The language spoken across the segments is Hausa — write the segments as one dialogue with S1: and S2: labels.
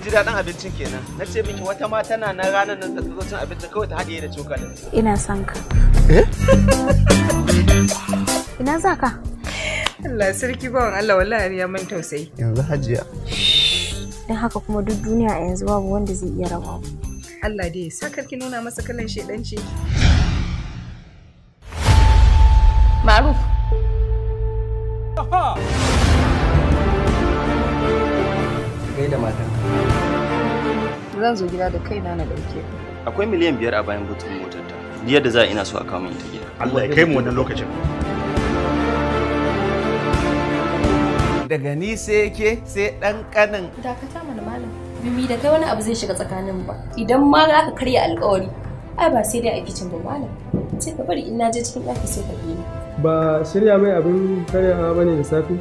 S1: kin ji daɗin abincin kenan na ce miki wata ma tana na ranar nan ta zo cin abinci kawai ta haɗiye da cokali. ina
S2: son ka eh? ina za ka Allah sarki bawan Allah wallahi ya man tausayi
S1: yanzu hajiya
S2: dan haka kuma duk duniya a yanzu babu wanda zai iya raba mu Allah dai sakar ki nuna masa kallon shedanci Maruf Aha! kai da matanka.
S1: zan zo gida da kaina na dauke akwai miliyan biyar a bayan butun motar ta yadda za a ina so a kawo min ta gida Allah ya kai mu wannan lokacin daga ni
S2: sai yake sai dan kanin dakata mana malam bimi da kai wani abu zai shiga tsakanin ba idan ma ka karya alƙawari. ai ba sai dai a kicin ba malam sai ka bari in na je cikin ɗaki sai ka bi ni
S1: ba shirya mai abin karyawa ba ne da safe?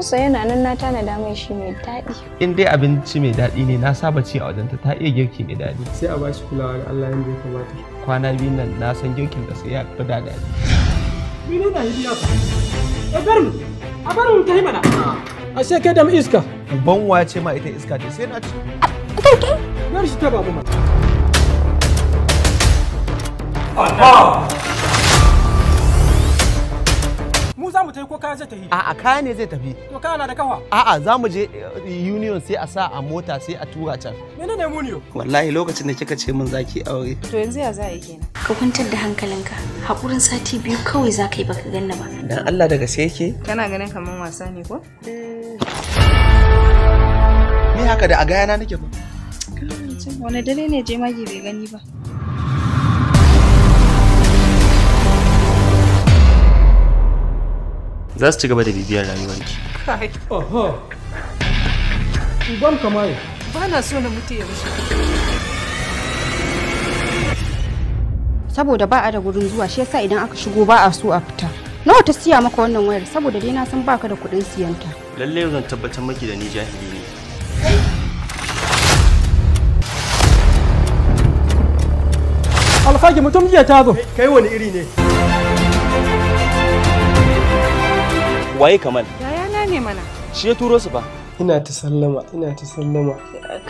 S2: sa yana nan na tanada mai shi mai daɗi
S1: in dai abinci mai daɗi ne na saba ci a wajenta ta iya girki mai daɗi sai a bashi kulawa da allah yadda ya kamata kwana biyu nan na san girkin da sai ya fi da daɗi mene na yi biya a bar mu a bar mu ta yi mana a sai kai da mu iska ban wace ce ma ita iska ce sai na ci kai kai bar shi ta babu mata
S2: Allah!
S1: mu tafi ko kaya zai tafi a'a kaya ne zai tafi to kaya na da kafa a'a za mu je eh, union sai a sa a mota sai a tura can
S2: menene union
S1: wallahi lokacin da kika ce min zaki aure to
S2: yanzu ya za a yi kenan ka kwantar da hankalinka hakurin sati biyu kawai za ka yi baka ganna ba
S1: dan Allah daga sai yake
S2: kana ganin kaman wasa ne ko
S1: Me haka da a gaya na nake ba
S2: wani dare ne je magi bai gani ba
S1: za su ci gaba da bibiyar rayuwarki
S2: kai oho uban ba na so na mutu yanzu saboda ba a da gurin zuwa shi yasa idan aka shigo ba a so a fita nawa ta siya maka wannan wayar saboda dai na san baka da kuɗin siyanta
S1: lalle zan tabbatar maki da ni jahili ne
S2: Alfaki mutum jiya ta zo kai wani iri ne waye kamal na ne mana shi ya turo su ba ina ta sallama ina ta sallama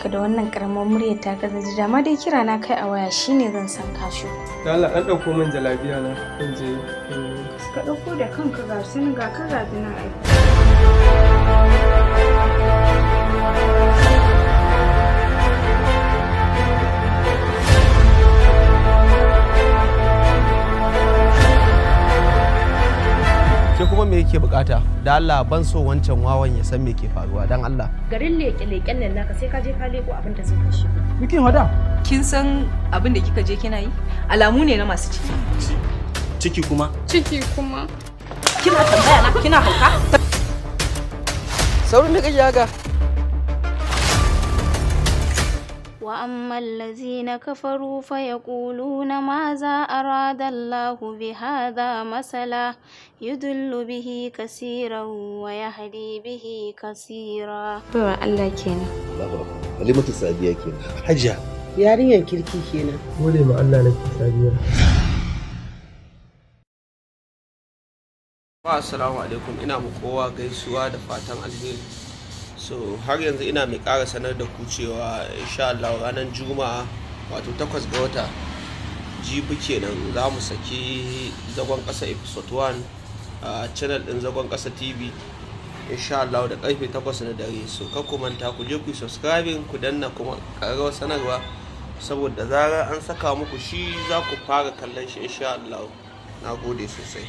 S2: ka da wannan karamar murya ta ka zaji dama dai kira na kai a waya shine zan san ka shi da Allah dan dauko min jalabiya na in je ka dauko da kanka ga sun ga ka ga na ai
S1: ke kuma me yake bukata da Allah ban so wancan wawan ya san me ke faruwa dan Allah
S2: garin leke leken nan naka sai ka je ka leko abin da zai ka shi muke hada kin san abin da kika je kina yi alamu ne na masu ciki ciki kuma ciki kuma kina tambaya na kina hauka
S1: saurin da kake yaga
S2: وأما الذين كفروا فيقولون ماذا أراد الله بهذا مثلا yudullu bihi kasiran wa yahdi bihi kasira bawa Allah kenan halimatu sadiya kenan hajja yarinyar kirki kenan
S1: gode ma Allah na sadiya wa assalamu alaikum ina mu kowa gaisuwa da fatan alheri so har yanzu ina mai ƙara sanar da ku cewa insha Allah ranar juma'a wato takwas ga wata jibi kenan za mu saki zagon ƙasa episode 1 a channel din zagon kasa tv insha Allah da karfe 8 na dare so ka manta ku je ku subscribe ku danna kuma karar sanarwa saboda zara an saka muku shi za ku fara kallon shi insha Allah na gode
S2: sosai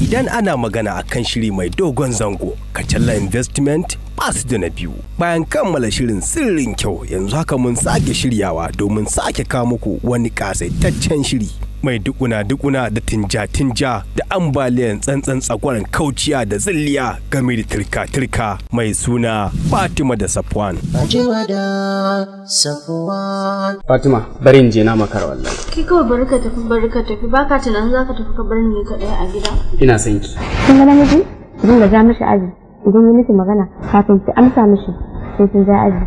S2: idan ana magana akan shiri mai dogon zango kacalla investment basu da na biyu bayan kammala shirin sirrin kyau yanzu haka mun sake shiryawa domin sake kawo muku wani kasaitaccen shiri mai dukuna-dukuna da tinja-tinja da ambaliyan tsantsan tsakwaran kauciya da zilliya game da turka-turka mai suna Fatima da Safwan. Fatima da Safwan. Fatima, bari in je na makar wallahi. Ki kawai bari ka tafi bari ka tafi ba ka tunanin za ka tafi ka bar ni kaɗai a gida. Ina son ki. Kin ga namiji? Idan ga ja mishi aji. Idan ya miki magana kafin ki amsa mishi sai kin ja aji.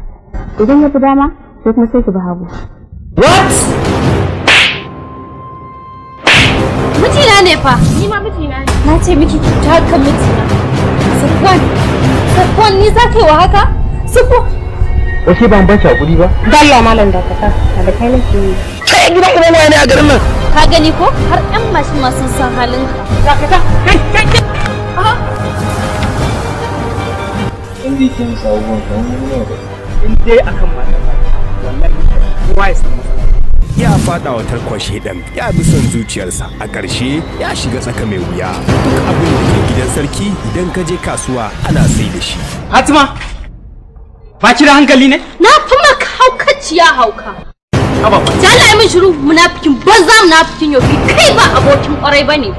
S2: Idan ya fi dama sai kuma sai ki bi hagu. What? Mijina ne fa. Ni ma mijina ne. Na ce miki ta ka mijina. Safwan. Safwan ni za ka yi wa haka? Ba Wace ban bace hakuri ba? Dalla malam da kaka. Da kai nake yi. Kai gidan idan ne a garin nan. Ka gani ko? Har ƴan mashin ma sun san halin ka. ka kaka. Kai kai kai. Aha. In dai kin samu wannan ne. In dai akan mata. Wallahi kowa ya ya fada wa tarkon dan ya bi son zuciyarsa a ƙarshe ya shiga tsaka mai wuya duk abin da ke gidan sarki idan ka je kasuwa ana sai da shi hatima ba ki da hankali ne na fi maka ciya hauka Abba. Jalaye min shiru munafikin banza munafikin yofi kai ba abokin kwarai bane.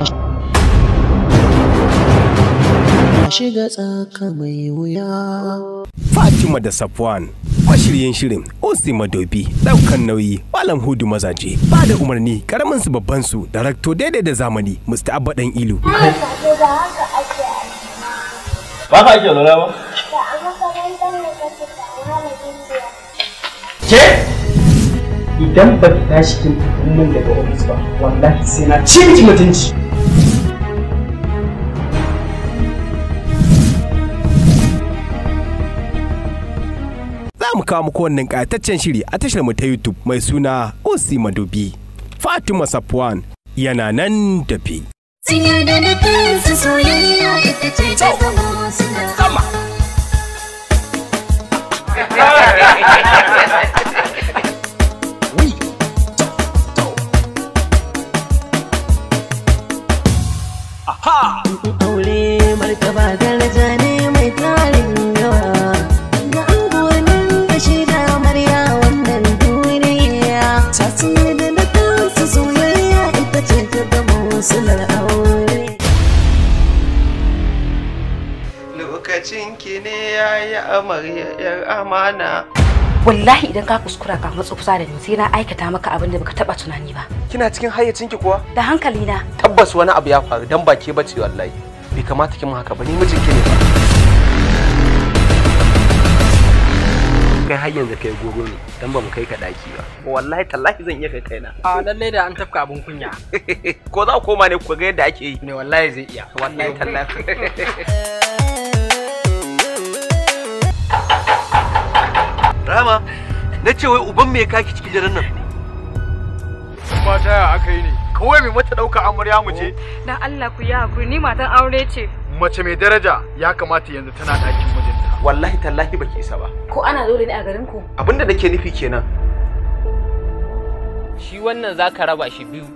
S2: shiga tsaka mai wuya. Fatima da Safwan, mashiryin shirin, Osi Madobi, ɗaukan nauyi, Malam Hudu Mazaje, ba da umarni, karamin su babban su, darakto daidai da zamani, Mr. Abba Dan Ilu. Ba ka ake lura ba? Ke? Idan ba ki tashi kin tafi daga ofis ba, wallahi sai na cinci mutunci. kawo muku wannan ƙayataccen shiri a tashar mu ta YouTube mai suna Osi Madobi. Fatima Safwan yana nan tafi. Sinya da
S1: lokacin ne ya yi amaryar
S2: amana wallahi idan ka kuskura ka matso kusa da ni sai na aikata maka abin da baka taba tunani ba kina cikin hayyacinki kuwa da hankali na
S1: tabbas wani abu ya faru dan ba ke bace wallahi bai kamata kin haka ba ni mijinki ne kai har yanzu kai gogo ne dan ba mu kai ka daki ba wallahi tallahi zan iya kai kaina a lalle da an tafka abin kunya ko za ku koma ne ku ga yadda ake yi ne wallahi zai iya wallahi tallahi rama na ce wai uban me kaki cikin daren nan Ba ta ya aka yi ne kawai mai mata ɗauka amarya mu ce oh,
S2: Na Allah ku ya hakuri ni matan aure ce
S1: mace mai daraja ya kamata yanzu tana
S2: ɗakin mijinta
S1: wallahi tallahi baki isa ba
S2: ko ana dole ne a garin ku
S1: abinda nake nufi kenan shi wannan zaka raba shi biyu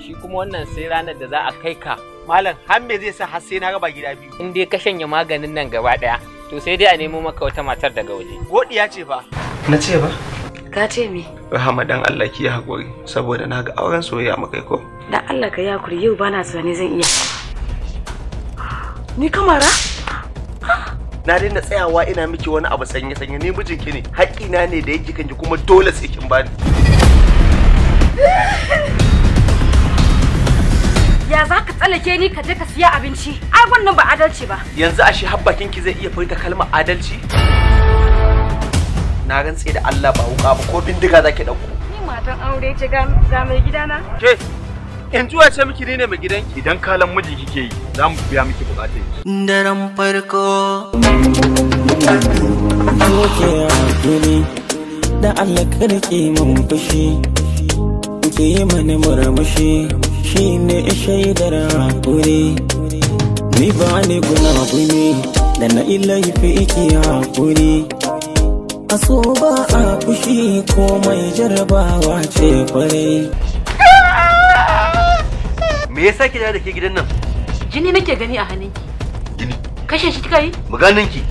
S1: shi kuma wannan sai ranar da za a kai ka malam har me zai sa har sai na raba gida biyu in dai ka shanye maganin nan gaba daya to sai dai a nemo maka wata matar daga waje
S2: godiya ce fa na ce ba ka ce mi.
S1: rahama dan Allah ki hakuri saboda na ga auren soyayya mu kai ko
S2: dan Allah ka ya hakuri yau bana tunani zan iya ni kamara
S1: na daina tsayawa ina miki wani abu sanye sanye ni mijinki ne haƙina ne da yake kanki kuma dole sai kin bani
S2: ya za ka tsallake ni ka je ka siya abinci ai wannan ba adalci ba
S1: yanzu ashe habbakin ki zai iya furta kalmar adalci na rantse da Allah ba wuka ba ko bindiga zaki ɗauko
S2: ni matan aure ce ga mai gidana
S1: ke in zuwa ce miki ne mai gidan idan kalan miji kike yi za mu biya miki bukatai daren farko a hakuri da Allah karke mun fushi ke yi mani murmushi shine shaidar hakuri ni ba ni guna ne da na ilahi fi iki hakuri a ba a fushi ko mai jarabawa ce kwarai me yasa ki da ke gidan nan jini nake gani a
S2: hannunki jini kashe shi kika yi ki.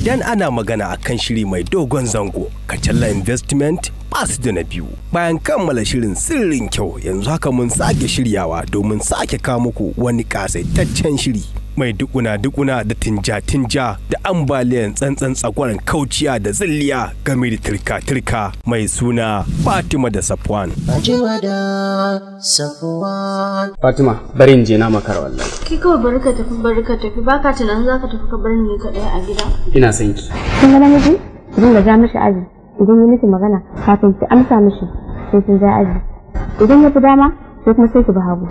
S2: idan ana magana a kan shiri mai dogon zango kacalla investment basu da na biyu bayan kammala shirin sirrin kyau yanzu haka mun sake shiryawa domin sake kawo muku wani kasaitaccen shiri mai dukuna-dukuna da tinja-tinja da ambaliyan tsantsan tsakwaran kauciya da zilliya game da turka-turka mai suna Fatima da Safwan. Fatima da Safwan. Fatima, bari in je na makar wallahi. Ki kawai bari ka tafi bari ka tafi ba ka tunanin za ka tafi ka bar ni kaɗai a gida. Ina son ki. Kin ga namiji? Idan ga ja mishi aji. Idan ya miki magana kafin ki amsa mishi sai kin ga aji. Idan ya fi dama sai kuma sai ki bi hagu.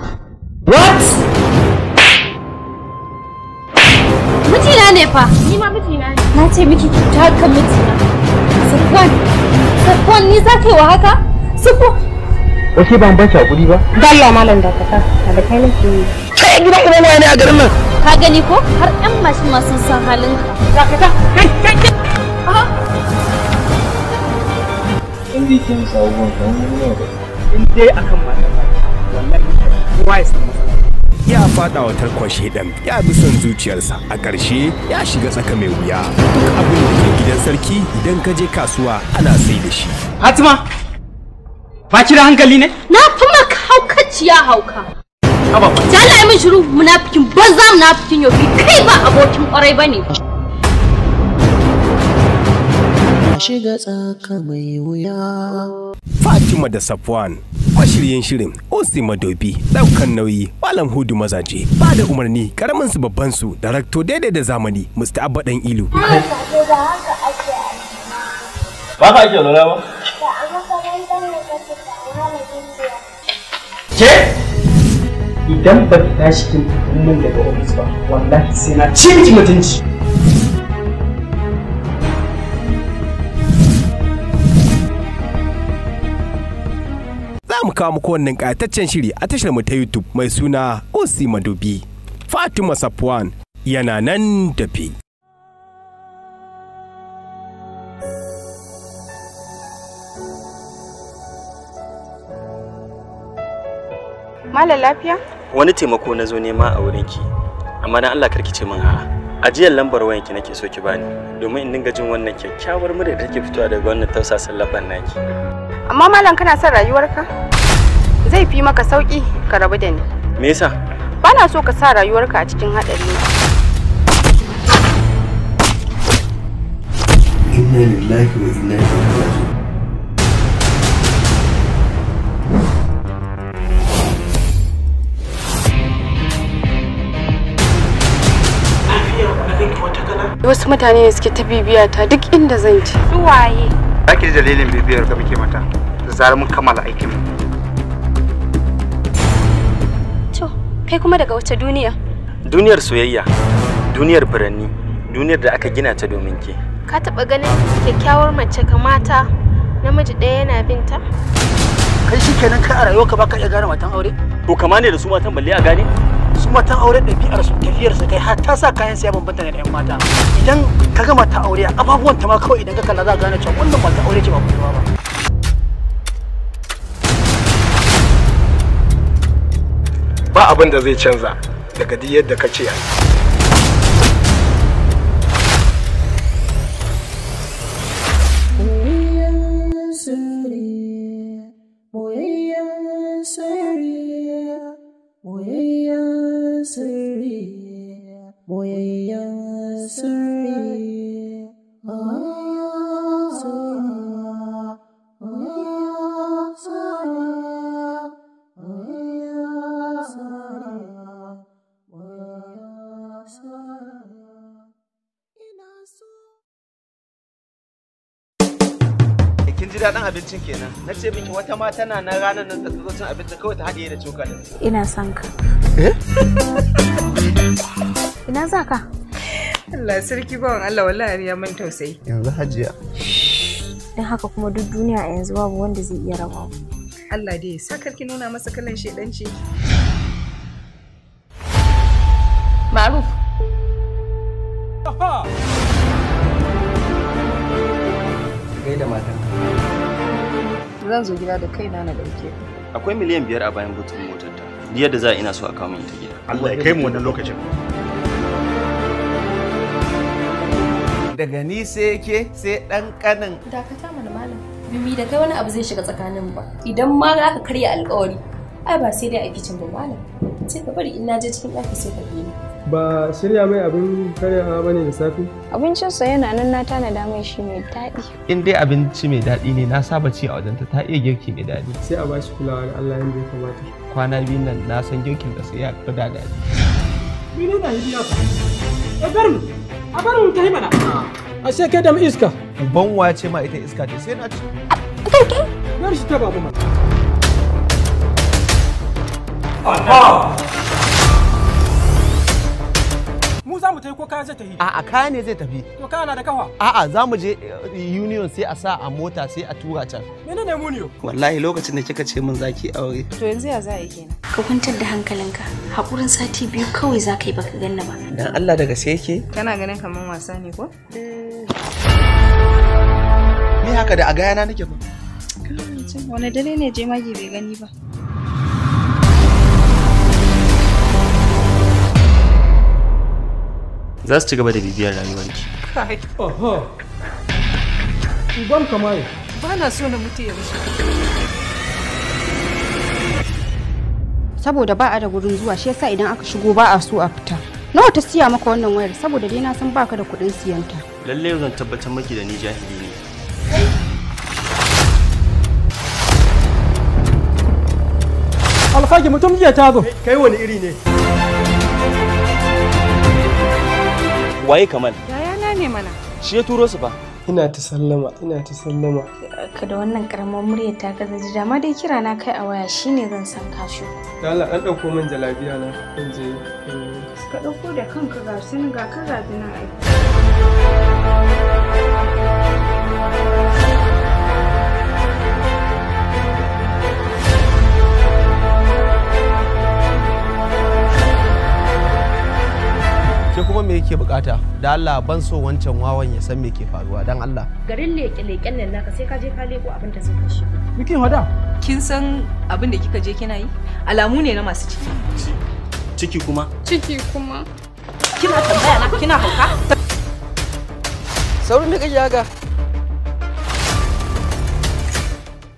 S2: What? na ne fa. Ni ma mijina ne. Na ce miki ta kan mijina. Safwan, Safwan ni za ka yi wa haka? Ba shi ban bace hakuri ba? Dalla malam da kaka, da kai nake ki. Kai gida ina ma ne a garin nan. Ka gani ko har ɗan mashin ma sun san halin ka. Da ta. kai kai kai. Aha. Indi kin sa wannan ne. In dai akan mata. Wallahi kowa ya ya fada wa tarkon dan ya bi son zuciyarsa a ƙarshe ya shiga tsaka mai wuya duk abin da ke gidan sarki idan ka je kasuwa ana sai da shi hatima ba da hankali ne na fi maka haukaciya hauka Abba. Jala yi min shiru munafikin banza munafikin yau kai ba abokin kwarai bane. shiga tsaka mai wuya. Fatima da Safwan, mashiryin shirin, Osi Madobi, ɗaukan nauyi, Malam Hudu Mazaje, ba da umarni, karamin su babban su, darakto daidai da zamani, Mr. Abba Dan Ilu. Ba ka ake lura ba? Ke? Idan ba ki tashi kin tafi min daga ofis ba, wallahi sai na ci mutunci. kawo muku wannan ƙayataccen shiri a tashar mu ta YouTube mai suna Osi Madubi", Fatima Safwan yana nan da fi. Mala lafiya? Wani taimako na zo nema a wurinki, amma na Allah karki ce min a'a. ajiyar lambar ki nake so ki bani domin in dinga jin wannan kyakkyawar murya da take fitowa daga wannan tausasan lambar naki amma malam kana son rayuwarka zai fi maka sauki ka rabu da ni me yasa bana so ka sa rayuwarka a cikin haɗari wasu mutane ne suke ta bibiya ta duk inda zan ci. Su waye? Ake
S1: dalilin bibiyar ka muke mata. Zarar mun kammala aikin mu.
S2: Kai kuma daga wace duniya?
S1: Duniyar soyayya, duniyar furanni, duniyar da aka gina ta domin ke.
S2: Ka taɓa ganin kyakkyawar mace kamata namiji ɗaya yana binta? Kai shi kenan kai a rayuwarka baka iya gane matan aure?
S1: To kama ne da su matan balle a gane? Su matan aure ɗabi'ar su tafiyar su kai har ta sa kayan siya bambanta da ɗayan mata. Idan ka gama ta aure a ababuwan ta ma kawai idan ka kalla za ka gane cewa wannan mata aure ce ba kuma ba.
S2: abin da zai canza daga duk yadda ka ce
S1: kin ji daɗin abincin kenan na ce miki wata ma tana na ranar nan ta zo cin abinci kawai ta haɗiye da cokali.
S2: ina son ka eh? ina za ka Allah sarki bawan Allah wallahi ya man tausayi
S1: yanzu hajiya
S2: don haka kuma duk duniya a yanzu babu wanda zai iya rawa mu Allah dai sakar ki nuna masa kalan shedanci Maruf kai da matanka
S1: zan zo gida da kaina na dauke akwai miliyan biyar a bayan butun motar ta yadda za a ina so a kawo min ta gida Allah ya kai mu wannan lokacin daga ni sai yake sai dan kanin dakata mana malam
S2: bimi da kai wani abu zai shiga tsakanin ba idan ma ka karya alƙawari. ai ba sai dai a kicin ba malam sai ka bari in na je cikin ɗaki sai ka bi ni
S1: ba shirya mai abin karyawa bane da safe
S2: sa yana nan na tanada mai shi mai daɗi
S1: in dai abinci mai daɗi ne na saba ci a wajenta ta iya girki mai daɗi sai a bashi kulawa da Allah yanda ya kamata kwana biyu nan na san girkin da sai ya fi da daɗi mene na yi a eh, bar mu a bar mu ta yi mana a sai kai mu iska wa wace ma ita iska ce sai na ci kai
S2: kai bar shi ta babu mata Allah mu za mu tafi ko kaya zai
S1: tafi a'a kaya ne zai tafi to kaya na da kawa. a'a za mu je eh, union sai a sa a mota sai a tura can menene mu ne wallahi lokacin da kika ce min zaki aure
S2: to yanzu ya za a yi kenan ka kwantar da hankalinka hakurin sati biyu kawai za ka yi baka ganna ba
S1: dan Allah daga sai yake
S2: kana ganin kaman wasa ne ko
S1: me haka da a gaya na nake ba
S2: wani dare ne je magi bai gani ba
S1: za su ci gaba da bibiyar rayuwarki
S2: kai oho uban kamai ba na so na mutu yanzu saboda ba a da gurin zuwa shi yasa idan aka shigo ba a so a fita nawa ta siya maka wannan wayar saboda dai na san baka da kuɗin siyanta
S1: lalle zan tabbatar maki da ni jahili ne
S2: Alfaki mutum jiya ta zo kai wani iri ne waye kamal yana ne mana shi ya turo su fa ina ta sallama ina ta sallama ka da wannan karamar murya ta ka zaji dama dai kira na kai a waya shine zan san ka shi da Allah
S1: dan dauko min jalabiya na zan je
S2: ka dauko da kanka ga sun ga ka ga na aiki
S1: kuma me yake bukata da Allah ban so wancan wawan ya san me ke faruwa dan Allah
S2: garin leke leken nan naka sai ka je ka leko abin da zai kashe Mikin hada kin san abin da kika je kina yi alamu ne na masu ciki ciki kuma ciki kuma kina tambaya na kina hauka
S1: saurin da kake haka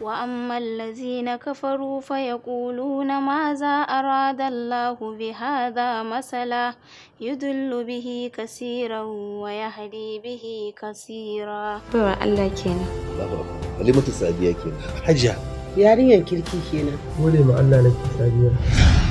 S2: وأما الذين كفروا فيقولون ماذا أراد الله بهذا مثلا يدل به كثيرا ويهدي به كثيرا بما الله كينا كلمة السعدية كينا حجة yarinyar kirki kenan gode ma Allah na sadiya